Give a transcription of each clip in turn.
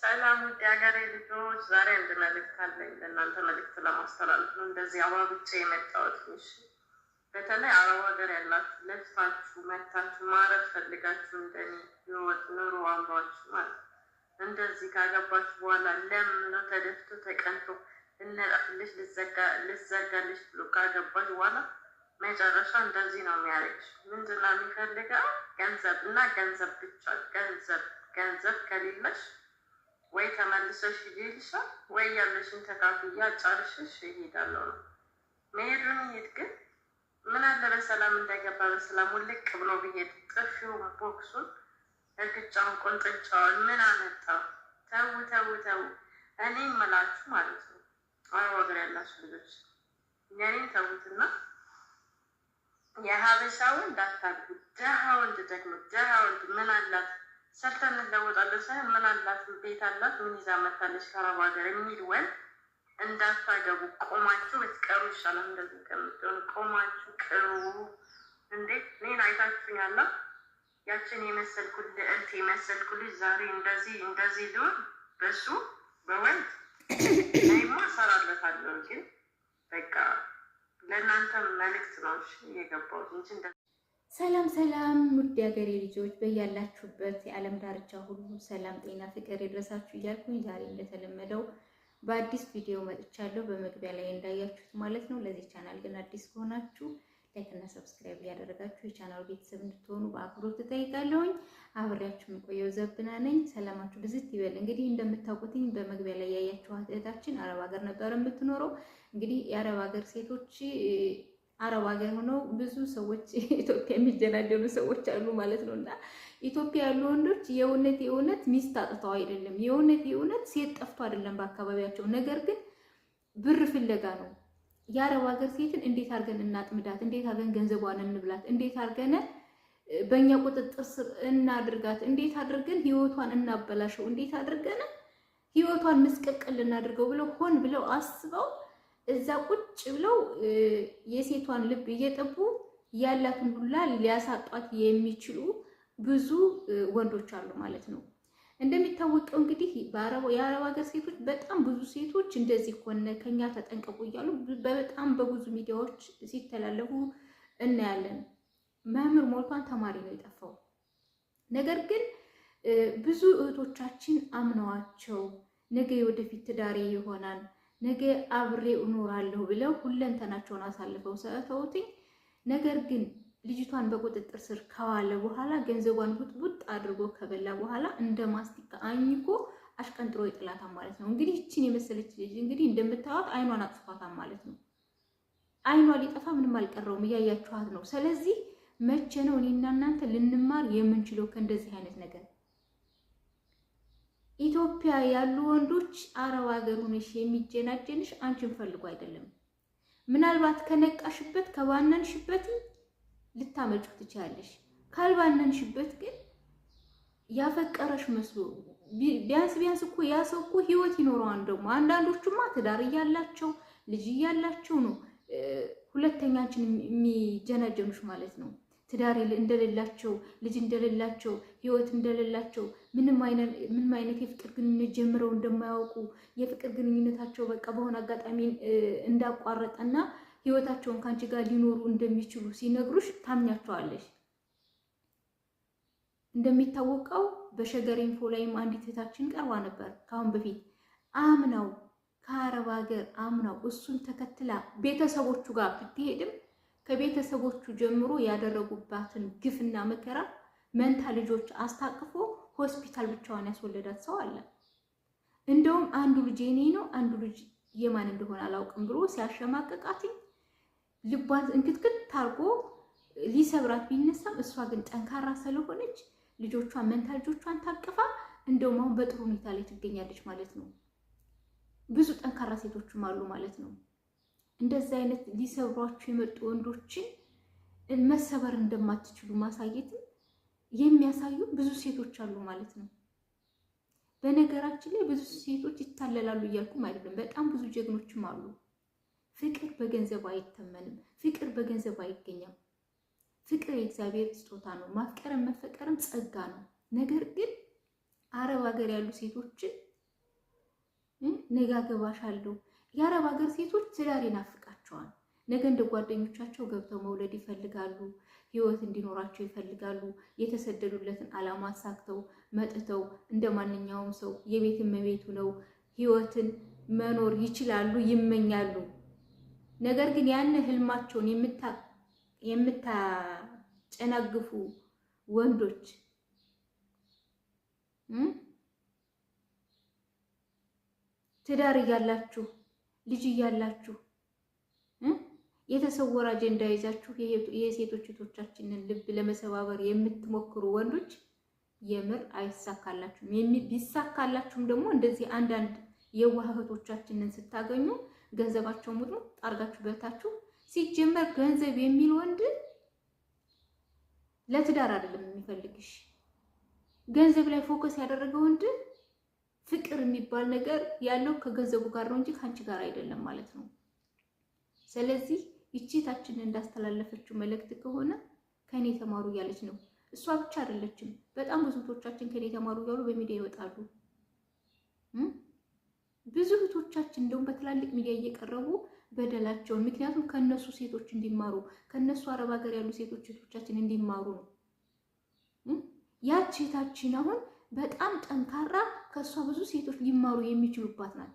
ሰላም ውድ ሀገሬ ልጆች፣ ዛሬ አንድ መልእክት አለኝ ለእናንተ መልእክት ለማስተላለፍ ነው። እንደዚህ ብቻ የመጣሁት ትንሽ በተለይ አረብ ሀገር ያላችሁ ለፍታችሁ መታችሁ ማረፍ ፈልጋችሁ እንደኔ ህይወት ኑሮ አምሯችሁ ማለት እንደዚህ ካገባችሁ በኋላ ለምኖ ተደፍቶ ተቀንቶ ልነጣፍልሽ ልዘጋልሽ ብሎ ካገባች በኋላ መጨረሻ እንደዚህ ነው የሚያደርግሽ። ምንድን የሚፈልገው? ገንዘብ እና ገንዘብ ብቻ። ገንዘብ ገንዘብ ከሌለሽ ወይ ተመልሰሽ ሂጂ ወይ ያለሽን ተካፍያ አጫርሽሽ ይሄዳለሁ ነው መሄድ መሄድ ግን ምን አለ በሰላም እንዳይገባ በሰላም ውልቅ ብሎ ብሄድ ጥፊውን፣ ቦክሱን፣ እርግጫውን፣ ቆንጥጫውን ምን አመጣው? ተው ተው ተው። እኔ እምላችሁ ማለት ነው አይ ወገር ያላችሁ ልጆች የኔን ተዉትና የሀበሻውን እንዳታድጉ። ደሃ ወንድ ደግሞ ደሃ ወንድ ምን አላት ሰርተን እንለወጣለን ሳይሆን ምን አላት ቤት አላት ምን ይዛ መታለች ከአረብ ሀገር የሚል ወንድ እንዳታገቡ ቆማችሁ ብትቀሩ ይሻላል። እንደዚህ ከምትሆኑ ቆማችሁ ቅሩ። እንዴ እኔን አይታችሁኝ ያለ ያችን የመሰልኩ ልዕልት የመሰልኩ ልጅ ዛሬ እንደዚህ እንደዚህ ልሆን በሱ በወንድ ይማ ሰራለታለሁ። ግን በቃ ለእናንተ መልእክት ነው እየገባሁት እንጂ ሰላም ሰላም ውድ የሀገሬ ልጆች በያላችሁበት የዓለም ዳርቻ ሁሉ ሰላም፣ ጤና፣ ፍቅር ይድረሳችሁ እያልኩኝ ዛሬ እንደተለመደው በአዲስ ቪዲዮ መጥቻለሁ። በመግቢያ ላይ እንዳያችሁት ማለት ነው። ለዚህ ቻናል ግን አዲስ ከሆናችሁ ላይክ እና ሰብስክራይብ እያደረጋችሁ የቻናሉ ቤተሰብ እንድትሆኑ በአክብሮት እጠይቃለሁኝ። አብሬያችሁ የምቆየው ዘብና ነኝ። ሰላማችሁ ብዝት ይበል። እንግዲህ እንደምታውቁትኝ በመግቢያ ላይ ያያችኋት እህታችን አረብ ሀገር ነበር የምትኖረው። እንግዲህ የአረብ ሀገር ሴቶች አረብ ሀገር ሆነው ብዙ ሰዎች ኢትዮጵያ የሚደላደሉ ሰዎች አሉ ማለት ነው። እና ኢትዮጵያ ያሉ ወንዶች የእውነት የእውነት ሚስት አጥተው አይደለም፣ የእውነት የእውነት ሴት ጠፍቶ አይደለም በአካባቢያቸው። ነገር ግን ብር ፍለጋ ነው። የአረብ ሀገር ሴትን እንዴት አድርገን እናጥምዳት፣ እንዴት አድርገን ገንዘቧን እንብላት፣ እንዴት አድርገን በእኛ ቁጥጥር ስር እናድርጋት፣ እንዴት አድርገን ህይወቷን እናበላሸው፣ እንዴት አድርገን ህይወቷን ምስቅቅል እናድርገው ብለው ሆን ብለው አስበው እዛ ቁጭ ብለው የሴቷን ልብ እየጠቡ ያላትን ሁላ ሊያሳጧት የሚችሉ ብዙ ወንዶች አሉ ማለት ነው። እንደሚታወቀው እንግዲህ የአረብ ሀገር ሴቶች በጣም ብዙ ሴቶች እንደዚህ ከሆነ ከኛ ተጠንቀቁ እያሉ በጣም በብዙ ሚዲያዎች ሲተላለፉ እናያለን። መምህር ሞልቷን ተማሪ ነው የጠፋው። ነገር ግን ብዙ እህቶቻችን አምነዋቸው ነገ የወደፊት ትዳሬ ይሆናል ነገ አብሬ እኖራለሁ ብለው ሁለንተናቸውን አሳልፈው ሰጥተውትኝ፣ ነገር ግን ልጅቷን በቁጥጥር ስር ከዋለ በኋላ ገንዘቧን ቡጥቡጥ አድርጎ ከበላ በኋላ እንደ ማስቲካ አኝኮ አሽቀንጥሮ ይጥላታል ማለት ነው። እንግዲህ ይችን የመሰለች ልጅ እንግዲህ እንደምታዩት አይኗን አጥፋታ ማለት ነው። አይኗ ሊጠፋ ምንም አልቀረውም፣ እያያችኋት ነው። ስለዚህ መቼ ነው እኔና እናንተ ልንማር የምንችለው ከእንደዚህ አይነት ነገር? ኢትዮጵያ ያሉ ወንዶች አረብ ሀገር ሆነሽ የሚጀናጀንሽ አንቺን ፈልጎ አይደለም። ምናልባት ከነቃሽበት ከባነንሽበት ልታመጩ ትችላለሽ። ካልባነንሽበት ግን ያፈቀረሽ መስሎ ቢያንስ ቢያንስ እኮ ያ ሰው እኮ ህይወት ይኖረዋል። ደግሞ አንዳንዶቹማ ትዳር እያላቸው ልጅ እያላቸው ነው ሁለተኛችን የሚጀናጀኑሽ ማለት ነው። ትዳር እንደሌላቸው፣ ልጅ እንደሌላቸው፣ ህይወት እንደሌላቸው፣ ምንም አይነት የፍቅር ግንኙነት ጀምረው እንደማያውቁ የፍቅር ግንኙነታቸው በቃ በሆነ አጋጣሚ እንዳቋረጠና ህይወታቸውን ከአንቺ ጋር ሊኖሩ እንደሚችሉ ሲነግሩሽ ታምኛቸዋለሽ። እንደሚታወቀው በሸገር ኢንፎ ላይም አንዲት እህታችን ቀርባ ነበር ከአሁን በፊት አምናው ከአረብ ሀገር አምናው እሱን ተከትላ ቤተሰቦቹ ጋር ብትሄድም ከቤተሰቦቹ ጀምሮ ያደረጉባትን ግፍና መከራ መንታ ልጆች አስታቅፎ ሆስፒታል ብቻዋን ያስወለዳት ሰው አለ። እንደውም አንዱ ልጅ የኔ ነው አንዱ ልጅ የማን እንደሆነ አላውቅም ብሎ ሲያሸማቀቃትኝ ልቧን እንክትክት ታርጎ ሊሰብራት ቢነሳም እሷ ግን ጠንካራ ስለሆነች ልጆቿን መንታ ልጆቿን ታቅፋ እንደውም አሁን በጥሩ ሁኔታ ላይ ትገኛለች ማለት ነው። ብዙ ጠንካራ ሴቶችም አሉ ማለት ነው። እንደዚህ አይነት ሊሰብሯችሁ የመጡ ወንዶችን መሰበር እንደማትችሉ ማሳየትም የሚያሳዩ ብዙ ሴቶች አሉ ማለት ነው። በነገራችን ላይ ብዙ ሴቶች ይታለላሉ እያልኩም አይደለም። በጣም ብዙ ጀግኖችም አሉ። ፍቅር በገንዘብ አይተመንም። ፍቅር በገንዘብ አይገኛም። ፍቅር የእግዚአብሔር ስጦታ ነው። ማፍቀርም መፈቀርም ጸጋ ነው። ነገር ግን አረብ ሀገር ያሉ ሴቶችን ነጋ ገባሽ አለው የአረብ ሀገር ሴቶች ትዳር ይናፍቃቸዋል። ነገ እንደ ጓደኞቻቸው ገብተው መውለድ ይፈልጋሉ። ህይወት እንዲኖራቸው ይፈልጋሉ። የተሰደዱለትን አላማ አሳክተው መጥተው እንደ ማንኛውም ሰው የቤት መቤት ነው ህይወትን መኖር ይችላሉ፣ ይመኛሉ። ነገር ግን ያን ህልማቸውን የምታጨናግፉ ወንዶች ትዳር እያላችሁ ልጅ እያላችሁ የተሰወረ አጀንዳ ይዛችሁ የሴቶች እህቶቻችንን ልብ ለመሰባበር የምትሞክሩ ወንዶች የምር አይሳካላችሁም። ቢሳካላችሁም ደግሞ እንደዚህ አንዳንድ የዋህ እህቶቻችንን ስታገኙ ገንዘባቸው ሙሉ ጣርጋችሁ በታችሁ ሲጀመር ገንዘብ የሚል ወንድ ለትዳር አይደለም የሚፈልግሽ። ገንዘብ ላይ ፎከስ ያደረገ ወንድ ፍቅር የሚባል ነገር ያለው ከገንዘቡ ጋር ነው እንጂ ከአንቺ ጋር አይደለም ማለት ነው። ስለዚህ ይቺታችን እንዳስተላለፈችው መልእክት ከሆነ ከእኔ ተማሩ እያለች ነው። እሷ ብቻ አይደለችም። በጣም ብዙ እህቶቻችን ከእኔ ተማሩ እያሉ በሚዲያ ይወጣሉ። ብዙ እህቶቻችን እንደውም በትላልቅ ሚዲያ እየቀረቡ በደላቸውን ምክንያቱም ከነሱ ሴቶች እንዲማሩ ከነሱ አረብ ሀገር ያሉ ሴቶች እህቶቻችን እንዲማሩ ነው። ያቺታችን አሁን በጣም ጠንካራ ከእሷ ብዙ ሴቶች ሊማሩ የሚችሉባት ናት።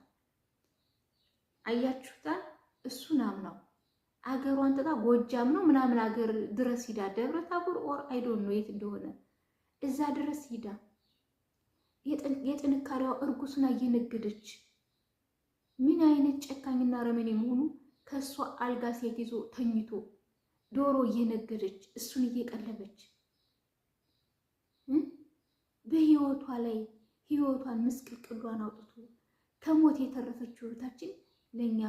አያችሁታ። እሱን አምናው አገሯን ጥታ ጎጃም ነው ምናምን አገር ድረስ ሂዳ ደብረ ታቦር ኦር አይዶን ነው የት እንደሆነ እዛ ድረስ ሂዳ የጥንካሬዋ እርጉስና እየነገደች ምን አይነት ጨካኝና ረመኔ መሆኑ ከእሷ አልጋ ሴት ይዞ ተኝቶ ዶሮ እየነገደች እሱን እየቀለበች በህይወቷ ላይ ህይወቷን ምስቅልቅሏን አውጥቶ ከሞት የተረፈችው ህይወታችን ለእኛ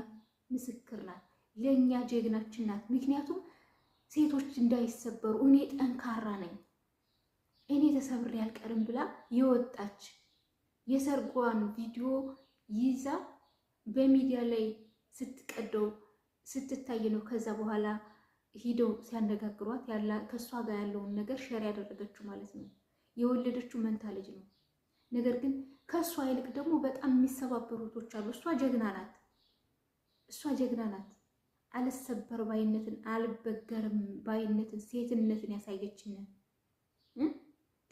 ምስክር ናት፣ ለእኛ ጀግናችን ናት። ምክንያቱም ሴቶች እንዳይሰበሩ እኔ ጠንካራ ነኝ፣ እኔ ተሰብሬ አልቀርም ብላ የወጣች የሰርጓን ቪዲዮ ይዛ በሚዲያ ላይ ስትቀደው ስትታይ ነው። ከዛ በኋላ ሂደው ሲያነጋግሯት ከእሷ ጋር ያለውን ነገር ሸር ያደረገችው ማለት ነው። የወለደችው መንታ ልጅ ነው። ነገር ግን ከእሷ ይልቅ ደግሞ በጣም የሚሰባበሩ እህቶች አሉ። እሷ ጀግና ናት፣ እሷ ጀግና ናት። አልሰበር ባይነትን አልበገርም ባይነትን ሴትነትን ያሳየችንን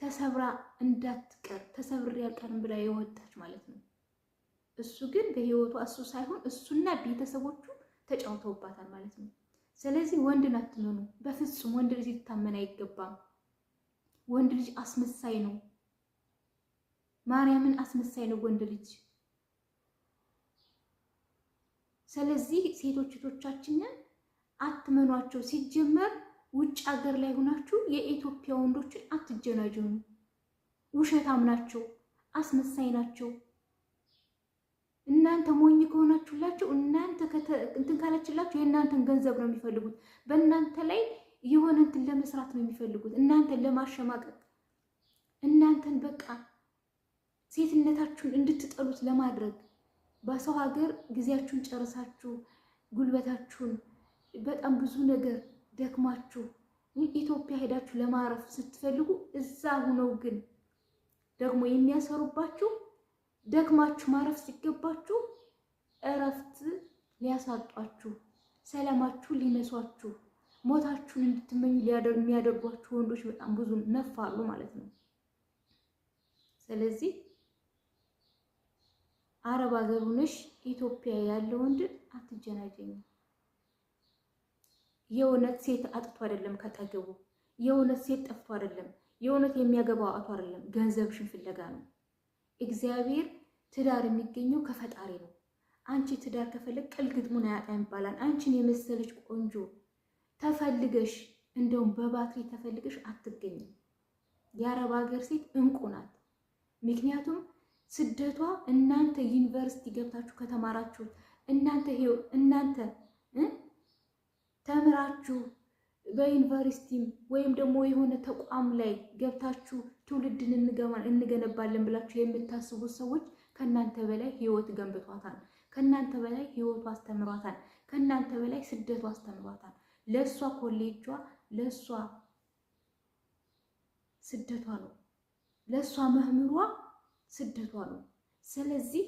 ተሰብራ እንዳትቀር ተሰብሬ አልቀርም ብላ የወጣች ማለት ነው። እሱ ግን በህይወቷ እሱ ሳይሆን እሱና ቤተሰቦቹ ተጫውተውባታል ማለት ነው። ስለዚህ ወንድን አትመኑ በፍጹም። ወንድ ልጅ ሊታመን አይገባም። ወንድ ልጅ አስመሳይ ነው። ማርያምን አስመሳይ ነው ወንድ ልጅ። ስለዚህ ሴቶች እህቶቻችንን አትመኗቸው። ሲጀመር ውጭ ሀገር ላይ ሆናችሁ የኢትዮጵያ ወንዶችን አትጀናጀኑ። ውሸታም ናቸው፣ አስመሳይ ናቸው። እናንተ ሞኝ ከሆናችሁላቸው እናንተ እንትን ካለችላቸው የእናንተን ገንዘብ ነው የሚፈልጉት። በእናንተ ላይ የሆነ እንትን ለመስራት ነው የሚፈልጉት፣ እናንተን ለማሸማቀቅ እናንተን በቃ ሴትነታችሁን እንድትጠሉት ለማድረግ በሰው ሀገር ጊዜያችሁን ጨርሳችሁ ጉልበታችሁን በጣም ብዙ ነገር ደክማችሁ ኢትዮጵያ ሄዳችሁ ለማረፍ ስትፈልጉ እዛ ሁነው ግን ደግሞ የሚያሰሩባችሁ ደክማችሁ ማረፍ ሲገባችሁ እረፍት ሊያሳጧችሁ፣ ሰላማችሁ ሊነሷችሁ፣ ሞታችሁን እንድትመኙ የሚያደርጓችሁ ወንዶች በጣም ብዙ ነፋሉ ማለት ነው። ስለዚህ አረብ ሀገር ሆነሽ ኢትዮጵያ ያለ ወንድ አትጀናጀኝ። የእውነት ሴት አጥቶ አይደለም ከታገቡ፣ የእውነት ሴት ጠፍቶ አይደለም፣ የእውነት የሚያገባው አጥቶ አይደለም። ገንዘብሽን ፍለጋ ነው። እግዚአብሔር ትዳር የሚገኘው ከፈጣሪ ነው። አንቺ ትዳር ከፈለግ ቅል ግጥሙን አያጣም ይባላል። አንቺን የመሰለች ቆንጆ ተፈልገሽ እንደውም በባትሪ ተፈልገሽ አትገኝም። የአረብ ሀገር ሴት እንቁ ናት። ምክንያቱም ስደቷ እናንተ ዩኒቨርሲቲ ገብታችሁ ከተማራችሁት እናንተ ይሄው እናንተ ተምራችሁ በዩኒቨርሲቲም ወይም ደግሞ የሆነ ተቋም ላይ ገብታችሁ ትውልድን እንገነባለን ብላችሁ የምታስቡት ሰዎች ከእናንተ በላይ ህይወት ገንብቷታል። ከእናንተ በላይ ህይወቱ አስተምሯታል። ከእናንተ በላይ ስደቱ አስተምሯታል። ለእሷ ኮሌጇ፣ ለእሷ ስደቷ ነው፣ ለእሷ መምህሯ ስደቷ ነው። ስለዚህ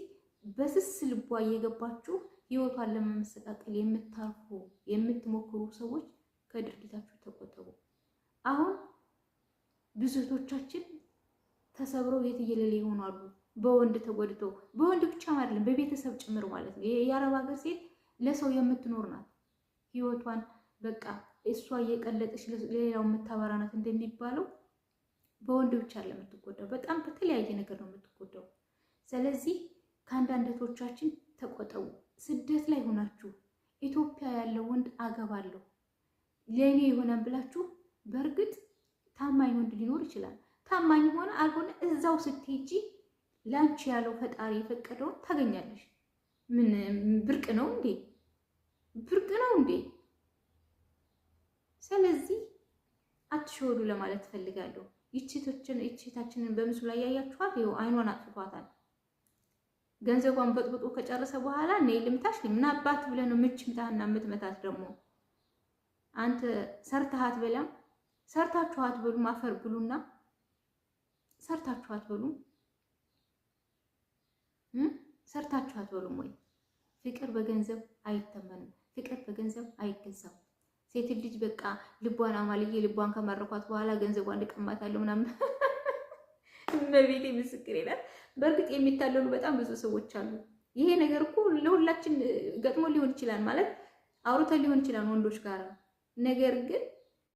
በስስ ልቧ እየገባችሁ ህይወቷን ለመመሰቃቀል የምታርፉ የምትሞክሩ ሰዎች ከድርጊታችሁ ተቆጠቡ። አሁን ብዙ እህቶቻችን ተሰብረው የት የሌለ ይሆናሉ። በወንድ ተጎድተው በወንድ ብቻ አይደለም በቤተሰብ ጭምር ማለት ነው። የአረብ ሀገር ሴት ለሰው የምትኖር ናት። ህይወቷን በቃ እሷ እየቀለጠች ለሌላው የምታበራ ናት እንደሚባለው በወንድ ብቻ ለምትጎዳው በጣም በተለያየ ነገር ነው የምትጎዳው። ስለዚህ ከአንዳንድ እህቶቻችን ተቆጠቡ። ስደት ላይ ሆናችሁ ኢትዮጵያ ያለው ወንድ አገባለሁ ለእኔ የሆነ ብላችሁ፣ በእርግጥ ታማኝ ወንድ ሊኖር ይችላል። ታማኝ ሆነ አልሆነ እዛው ስትሄጂ ላንቺ ያለው ፈጣሪ የፈቀደውን ታገኛለሽ። ምን ብርቅ ነው እንዴ? ብርቅ ነው እንዴ? ስለዚህ አትሸወዱ ለማለት ፈልጋለሁ። ይቺቶችን ይቺታችንን በምስሉ ላይ ያያችኋት ይኸው አይኗን አጥፍቷታል። ገንዘቧን በጥብጦ ከጨረሰ በኋላ ነይ ልምታሽ፣ ምን አባት ብለህ ነው ምች ምታህና የምትመታት ደግሞ አንተ ሰርተሃት በላም ሰርታችኋት በሉ ማፈር ብሉና ሰርታችኋት በሉ ሰርታችኋት በሉም ወይ ፍቅር በገንዘብ አይተመንም። ፍቅር በገንዘብ አይገዛም። ሴት ልጅ በቃ ልቧን አማልዬ ልቧን ከማረኳት በኋላ ገንዘቧን ልቀማታለሁ ምናምን እመቤቴ ምስክር ይላል። በእርግጥ የሚታለሉ በጣም ብዙ ሰዎች አሉ። ይሄ ነገር እኮ ለሁላችን ገጥሞ ሊሆን ይችላል ማለት አውርተን ሊሆን ይችላል ወንዶች ጋር ነገር ግን